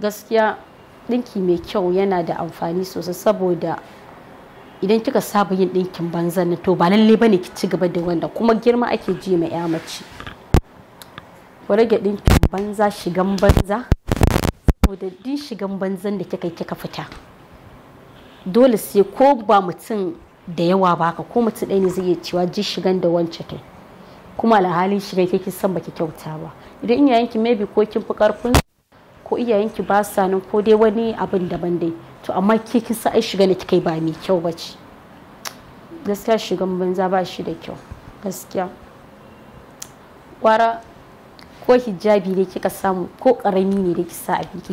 gaskiya ɗinki mai kyau yana da amfani sosai saboda idan kika saba yin ɗinkin banza na to ba lalle bane ki ci gaba da wanda kuma girma ake ji ma ya mace ku rage ɗinkin banza shigan banza saboda din shigan banzan da kika kika fita dole sai ko ba mutum da yawa ba ka ko mutum ɗaya ne zai iya cewa ji shigan da wancan kuma alhalin shigan kike san baki kyauta ba idan in maybe ko kin fi karfin ko iyayenki ba sa nan ko dai wani abin daban dai to amma ke kin sa ai shiga da kai ba mai kyau ba ce gaskiya shigan banza ba shi da kyau gaskiya kwara ko hijabi ne kika samu ko karami ne da kisa a biki